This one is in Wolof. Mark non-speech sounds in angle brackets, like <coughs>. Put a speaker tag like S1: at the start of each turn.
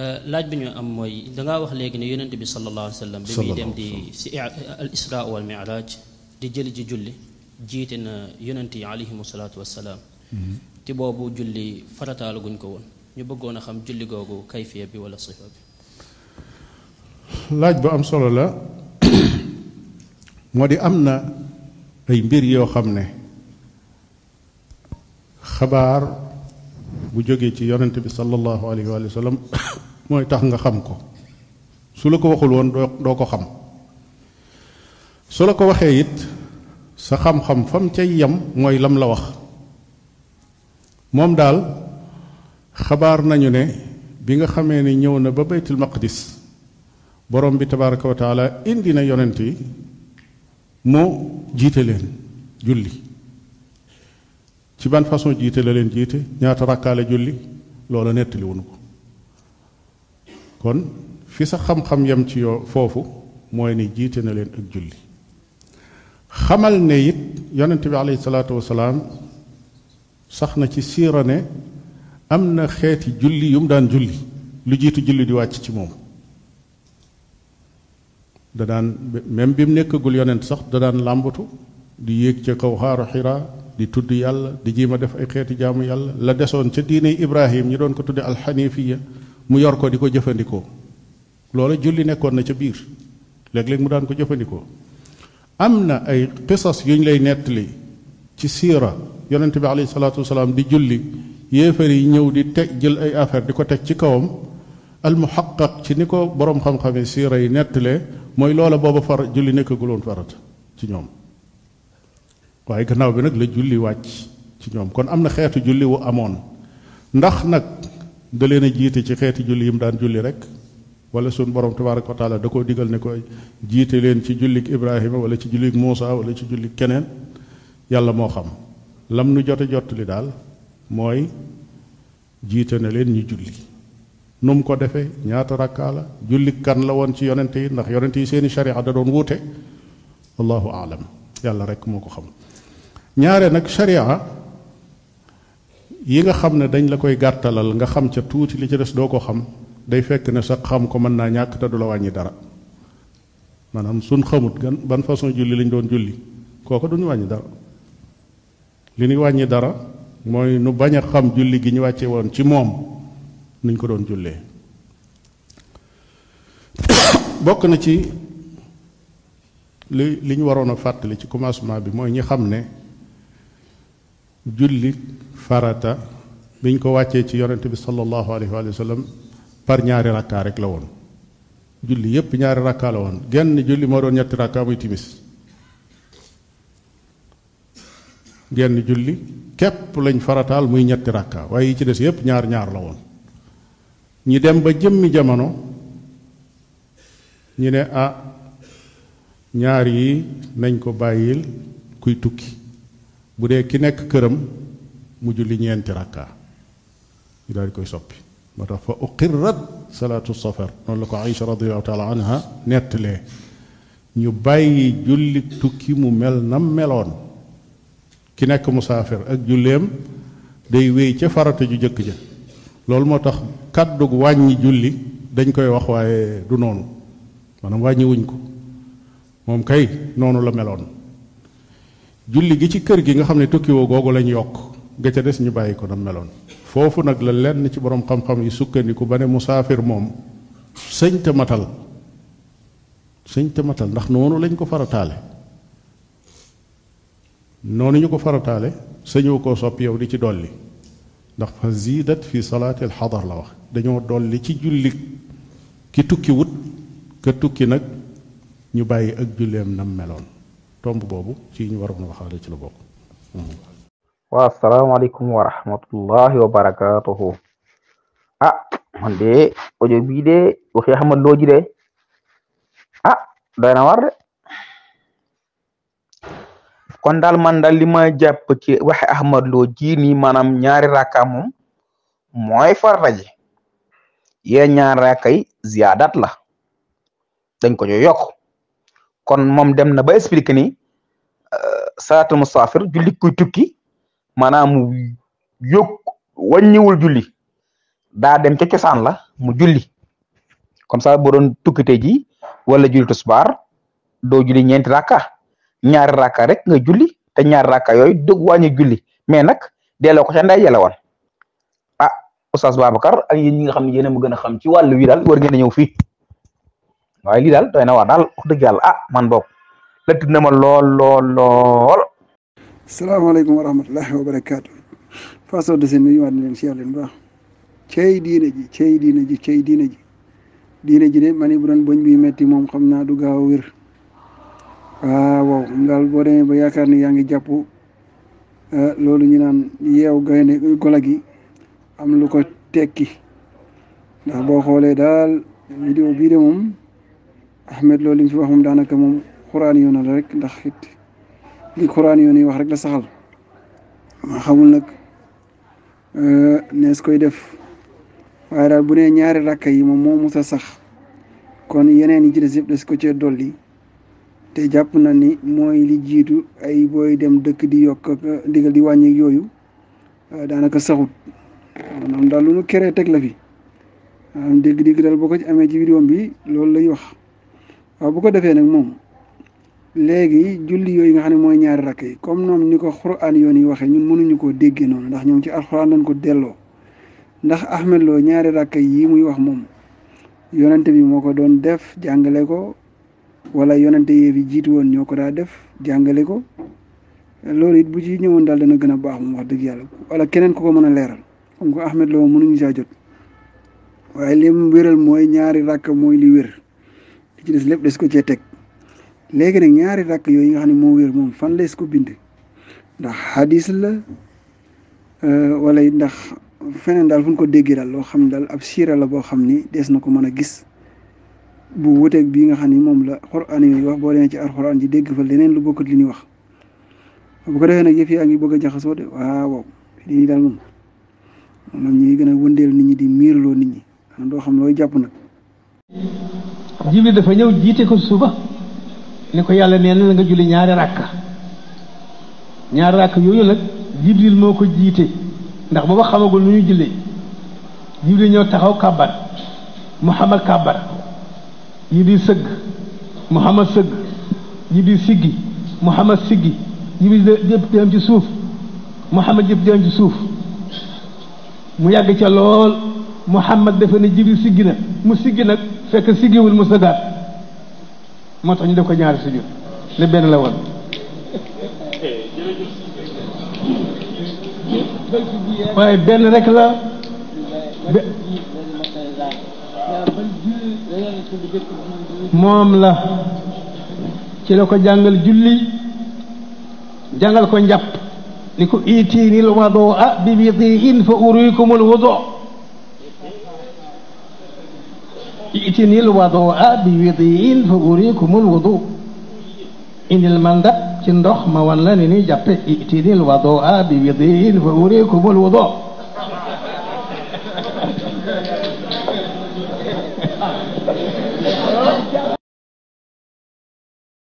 S1: Euh, laaj bi ñu am mooy dangaa wax léegi ne yonent bi sallallahu wa sallam bi muy dem di si al isra wal miraaj di jëli ji julli jiite na yonent yi alayhimu salaatu wassalaam mm-hmm. ti boobu julli farataal guñ ko woon ñu bëggoon a xam julli googu kayfiya bi wala sifa bi
S2: laaj bu am solo la moo di am na ay mbir yoo xam ne xabaar bu jógee ci yonent bi sallallahu alayhi wa sallam mooy tax nga xam ko su la ko waxul woon doo ko xam su la ko waxee it sa xam-xam fam cay yem mooy lam la wax moom daal xabaar nañu ne bi nga xamee ni ñëw na ba baytul maqdis borom bi tabaraka wa taala indi na yonent yi mu jiite leen julli ci ban façon jiite la leen jiite ñaata rakkaale julli loola nettali wunu ko kon fi sa xam-xam yam ci yoo foofu mooy ni jiite na leen ak julli xamal ne it yonent bi alayhi salaatu wasalaam sax na ci siira ne am na xeeti julli yu mu daan julli lu jiitu julli di wàcc ci moom da daan même bi mu nekkagul yonent sax da daan làmbatu di yéeg ca kaw xaaru xiraa di tudd yàlla di ma def ay xeeti jaamu yàlla la desoon ca diine Ibrahim ñi doon ko tudde alxanifiya mu yor ko di ko jëfandikoo loola julli nekkoon na ca biir léegi léeg mu daan ko jëfandikoo am na ay qisas yu ñu lay nettali ci siira yonente bi alayhi salaatu wasalaam di julli yéefar yi ñëw di teg jël ay affaire di ko teg ci kawam almuhaqqaq ci ni ko boroom xam-xame siira yi nettale mooy loola booba far julli nekkaguloon farata ci ñoom waaye gannaaw bi nag la julli wàcc ci ñoom kon am na xeetu julli wu amoon ndax nag da leen a jiite ci xeeti julli yi daan julli rek wala suñ borom tabaraka wa taala da koo digal ne ko jiite leen ci jullik Ibrahima wala ci jullik Muusa wala ci jullik keneen yàlla moo xam lam nu jote jot li daal mooy jiite na leen ñu julli nu mu ko defee ñaata rakkaa la kan la woon ci yonente yi ndax yonente yi seeni sharia da doon wuute allahu aalam yàlla rek moo ko xam ñaare nag sharia yi nga xam ne dañ la koy gàttalal nga xam ca tuuti li ci des doo ko xam day fekk ne sa xam ko mën naa ñàkk te du la wàññi dara maanaam sun xamut gan ban façon julli lañ doon julli kooku duñu wàññi dara li ñu wàññi dara mooy nu bañ a xam julli gi ñu wàcce woon ci moom niñ ko doon jullee <coughs> bokk na ci li li ñu waroon a fàttali ci commencement bi mooy ñi xam ne julli farata biñ ko wàccee ci yonent bi sallallahu alayhi wa sallam par ñaari rakkaa rek la woon julli yépp ñaari rakkaa la woon genn julli moo doon ñetti rakkaa muy timis genn julli képp lañ farataal muy ñetti rakkaa waaye yi ci des yépp ñaar ñaar la woon ñi dem ba jëmmi jamono ñu ne ah ñaar yi nañ ko bàyyil kuy tukki bu dee ki nekk këram mu julli ñeenti rakka ñu daal koy soppi moo tax fa uqirrat salaatu safar noonu la ko Aïcha radiallahu taala anha nettalee ñu bàyyi julli tukki mu mel nam meloon ki nekk musaafir ak julleem day wéy ca farata ju jëkk ja loolu moo tax kàddug wàññi julli dañ koy wax waaye du noonu maanaam wàññiwuñ ko moom kay noonu la meloon julli gi ci kër gi nga xam ne tukkiwoo googu lañu yokk nga ca des ñu bàyyi ko na meloon foofu nag la lenn ci boroom xam-xam yi sukkandiku ba ne musaafir moom sëñ te matal sëñ matal ndax noonu lañ ko farataale noonu ñu ko farataale sëñoo ko sopp yow di ci dolli ndax fa ziidat fi salaati alxadar la wax dañoo dolli ci julli ki tukkiwut wut ka tukki nag ñu bàyyi ak julleem nam meloon tomb bobu ci ñu waroon waxale ci la bok mhm.
S1: wa alaykum wa rahmatullahi wa barakatuh ah man de audio bi de waxi Ahmad Lo de ah doy na war de kon dal man dal li ma ci Ahmad Lo ji ni manam ñaari rakka moom mooy farata ji yee ziyadat la dañ ko ñu kon moom dem na ba expliquer ni euh, salaatul musaafir julli kuy tukki maanaam mu yokk wàññiwul julli daa dem ca cosaan la mu julli comme ça boo doon tukkite ji wala julli tusbaar doo julli ñeenti rakka ñaari rakka rek nga julli te ñaari rakka yooyu dëgg wàññi julli mais nag delloo ko ca a yàlla woon ah oustaz Babacar ak ñi nga xam ne yéen a a xam ci wàllu wi daal war ngeen a ñëw fii waaye li dal doy na waar daal wax deug yalla ah man bok la tudna ma lol lol lol
S3: assalamu alaykum wa rahmatullahi wa barakatuh faaso de sen ñu na leen ci yalla leen baax. cey diine ji cey diine ji cey diine ji diine ji de ma bu done boñ bi metti mom xamna du gaaw wir ah waaw ngal bo de ba yaakaar ni yaa jappu jàpp ah, loolu ñu naan yew gayne gola gi am lu ko tekki ndax bo xoolee dal video bi de mom Ahmed loolu li ñu fi wax moom daanaka moom quran yoon la rek ndax it li quran yoon yi wax rek la saxal ma xamul nag nees koy def waaye daal bu nee ñaari rakka yi moom moo musa sax kon yeneen yi ci des des ko cee dolli te jàpp na ni mooy li jiitu ay booy dem dëkk di yokk digal di wàññi yooyu daanaka saxut maanaam daal lu nu keree teg la fi maanaam dégg-dégg daal boo ko ci amee ci vidéo bi loolu lay wax waaw bu ko defee nag moom léegi julli yooyu nga xam ne mooy ñaari rakk yi comme ñoom ni ko xuraan yoon yi waxee ñun mënuñu koo déggee noonu ndax ñoom ci alxuraan lañ ko delloo ndax Ahmed Lo ñaari rakk yi muy wax moom yonente bi moo ko doon def jàngale ko wala yonente yee fi jiitu woon ñoo ko daa def jàngale ko loolu it bu ci ñëwoon daal dana gën a baax mu wax dëgg yàlla wala keneen ku ko mën a leeral comme ko Ahmed Lo mënuñu saa jot waaye li mu wéral mooy ñaari rakk mooy li wér. li lépp des ko cee teg léegi nag ñaari rakk yooyu nga xam ne moo wér moom fan lees ko bind ndax hadis la euh, wala ndax feneen daal fu ko déggee daal loo xam ne daal ab siira la boo xam ni des na ko mën a gis bu wuteeg bii nga xam ni moom la xoraan yooyu wax boo demee ci alxuraan ji dégg fa leneen lu bokkut li ñuy wax bu ko defee nag yëf a ngi bëgg a jaxasoo de waaw lii daal moom moom ñuy gën a wëndeel nit ñi di miirloo nit ñi xanaa doo xam looy jàpp nag.
S4: jibril dafa ñëw jiite ko suba ni ko yàlla nee na nga julli ñaari ràkk ñaari ràkk yooyu nag jibril moo ko jiite ndax booba xamagul nu ñu jullee jibril ñëw taxaw kàbbar muhammad kàbbar jibril sëgg muhammad sëgg jibril siggi muhammad siggi jibril jëpp dem ci suuf muhammad jëpp dem ci suuf mu yàgg ca lool muhammad dafa ne jibril siggi na mu siggi nag fekk siggiwul mu sëggaat moo tax ñu ko ñaari sujud ne benn la woon benn rek la moom la ci la ko jàngal julli jàngal ko njàpp ni ko itii nil wado a bi bi tiin fa uruykumul يمكن الوضوء بوضيء فأريكم الوضوء إن المندى تنرخ مولاني جبت ائتني الوضوء بوضيء فأريكم الوضوء